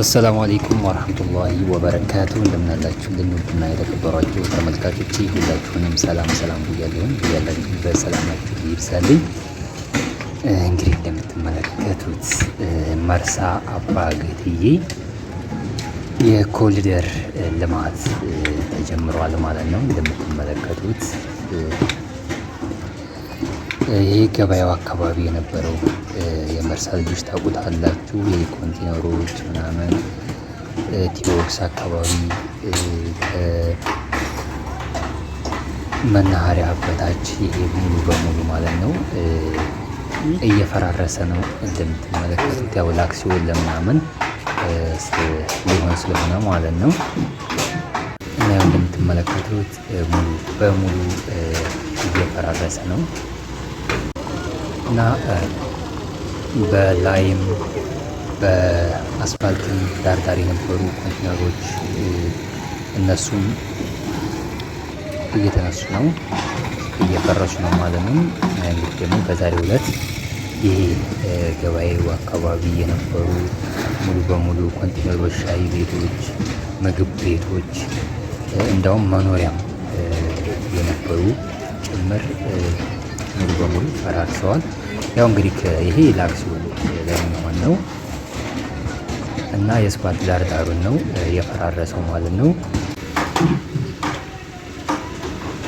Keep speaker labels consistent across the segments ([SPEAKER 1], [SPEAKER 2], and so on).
[SPEAKER 1] አሰላሙ አሌይኩም ወረህመቱላሂ ወበረካቱ። እንደምናላችሁ ልንወድና የተከበሯችሁ ተመልካቾች ሁላችሁንም ሰላም ሰላም ብያለሁኝ። ብያላችሁ በሰላማችሁ ይብዛልኝ። እንግዲህ እንደምትመለከቱት መርሳ አባ ገትዬ የኮሪደር ልማት ተጀምሯል ማለት ነው። እንደምትመለከቱት ይሄ ገበያው አካባቢ የነበረው የመርሳ ልጆች ታውቁታላችሁ። ይሄ ኮንቴነሮች ምናምን ቲቦክስ አካባቢ መናኸሪያ በታች ይሄ ሙሉ በሙሉ ማለት ነው እየፈራረሰ ነው። እንደምትመለከቱት ያው ላክሲዮን ለምናምን ሊሆን ስለሆነ ማለት ነው እና ያው እንደምትመለከቱት ሙሉ በሙሉ እየፈራረሰ ነው። እና በላይም በአስፋልትም ዳርዳር የነበሩ ኮንቲነሮች እነሱም እየተነሱ ነው፣ እየፈረሱ ነው ማለት ነው። እንግዲህ ደግሞ በዛሬ ዕለት ይሄ ገበያው አካባቢ የነበሩ ሙሉ በሙሉ ኮንቲነሮች፣ ሻይ ቤቶች፣ ምግብ ቤቶች እንዲያውም መኖሪያም የነበሩ ጭምር ሙሉ በሙሉ ፈራርሰዋል። ያው እንግዲህ ይሄ ላክሲዮን ለሚሆን ነው እና የስኳት ዳር ዳሩን ነው የፈራረሰው ማለት ነው።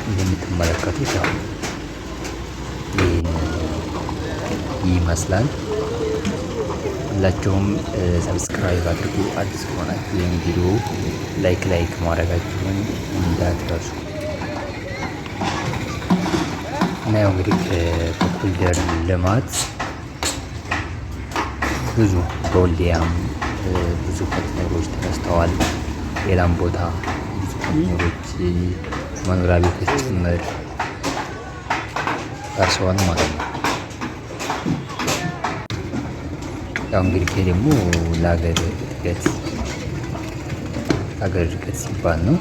[SPEAKER 1] እንደምትመለከቱት ያው ይመስላል። ሁላችሁም ሰብስክራይብ አድርጉ። አዲስ ከሆናችሁ ይህን ቪዲዮ ላይክ ላይክ ማድረጋችሁን እንዳትረሱ። የምናየው እንግዲህ በኮሪደር ልማት ብዙ በወልዲያም ብዙ ኮንቴነሮች ተነስተዋል። ሌላም ቦታ ብዙ ኮንቴነሮች መኖሪያ ቤቶች ጭምር ፈርሰዋል ማለት ነው። ያው እንግዲህ ይሄ ደግሞ ለሀገር እድገት ሀገር እድገት ሲባል ነው።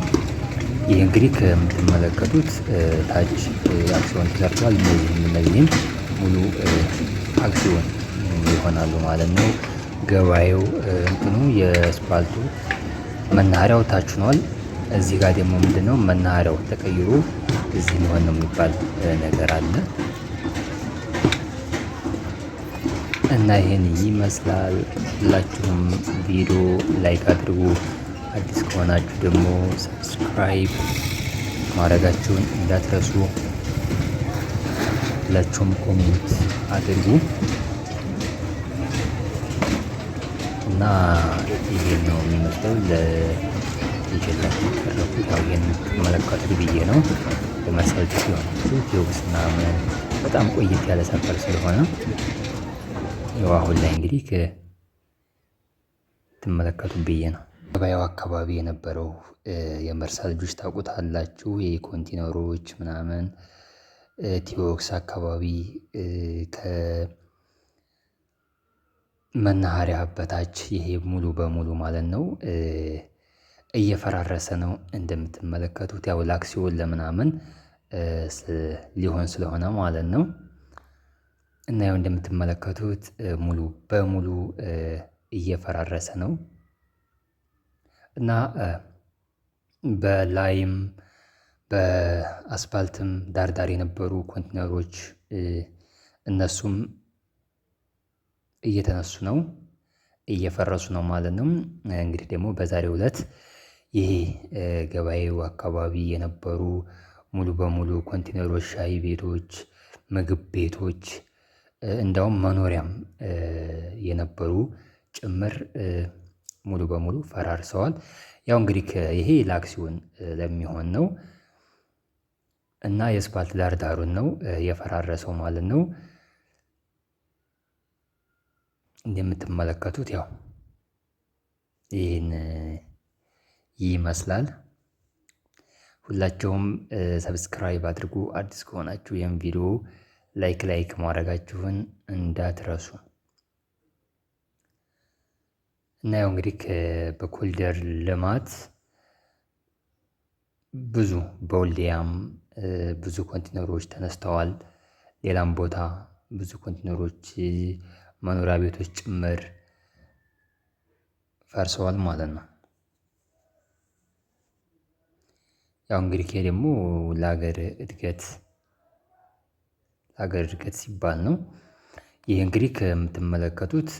[SPEAKER 1] ይህ እንግዲህ ከምትመለከቱት ታች አክሲዮን ተሰርተዋል። እነዚህም ሙሉ አክሲዮን ይሆናሉ ማለት ነው። ገበያው እንትኑ የስፓልቱ መናኸሪያው ታች ሆኗል። እዚህ ጋር ደግሞ ምንድን ነው መናኸሪያው ተቀይሮ እዚህ ሊሆን ነው የሚባል ነገር አለ እና ይህን ይመስላል። ሁላችሁም ቪዲዮ ላይክ አድርጉ። አዲስ ከሆናችሁ ደግሞ ሰብስክራይብ ማድረጋችሁን እንዳትረሱ። ሁላችሁም ኮሜንት አድርጉ እና ይሄን ነው የሚመስለው ለይዤላችሁ ቀረብኩት። ያው ይሄን የምትመለከቱት ብዬ ነው በመሰረት ሲሆናችሁ ቴዎብስ ምናምን በጣም ቆየት ያለ ሰፈር ስለሆነ ያው አሁን ላይ እንግዲህ ትመለከቱ ብዬ ነው። ገበያው አካባቢ የነበረው የመርሳ ልጆች ታውቁታላችሁ የኮንቲነሮች ምናምን ቲዎክስ አካባቢ ከ በታች ይሄ ሙሉ በሙሉ ማለት ነው። እየፈራረሰ ነው እንደምትመለከቱት ያው ላክሲዮን ለምናምን ሊሆን ስለሆነ ማለት ነው። እና ያው እንደምትመለከቱት ሙሉ በሙሉ እየፈራረሰ ነው እና በላይም በአስፋልትም ዳር ዳር የነበሩ ኮንቲነሮች እነሱም እየተነሱ ነው እየፈረሱ ነው ማለት ነው። እንግዲህ ደግሞ በዛሬው ዕለት ይሄ ገበያው አካባቢ የነበሩ ሙሉ በሙሉ ኮንቲነሮች ሻይ ቤቶች ምግብ ቤቶች እንዲያውም መኖሪያም የነበሩ ጭምር ሙሉ በሙሉ ፈራርሰዋል። ያው እንግዲህ ይሄ ለአክሲዮን ለሚሆን ነው እና የስፓልት ዳር ዳሩን ነው የፈራረሰው ማለት ነው። እንደምትመለከቱት ያው ይህን ይመስላል። ሁላቸውም ሰብስክራይብ አድርጉ። አዲስ ከሆናችሁ ይህም ቪዲዮ ላይክ ላይክ ማድረጋችሁን እንዳትረሱ። እና ያው እንግዲህ በኮሊደር ልማት ብዙ በወልዲያም ብዙ ኮንቲነሮች ተነስተዋል። ሌላም ቦታ ብዙ ኮንቲነሮች መኖሪያ ቤቶች ጭምር ፈርሰዋል ማለት ነው። ያው እንግዲህ ይሄ ደግሞ ለሀገር እድገት ለሀገር እድገት ሲባል ነው። ይህ እንግዲህ ከምትመለከቱት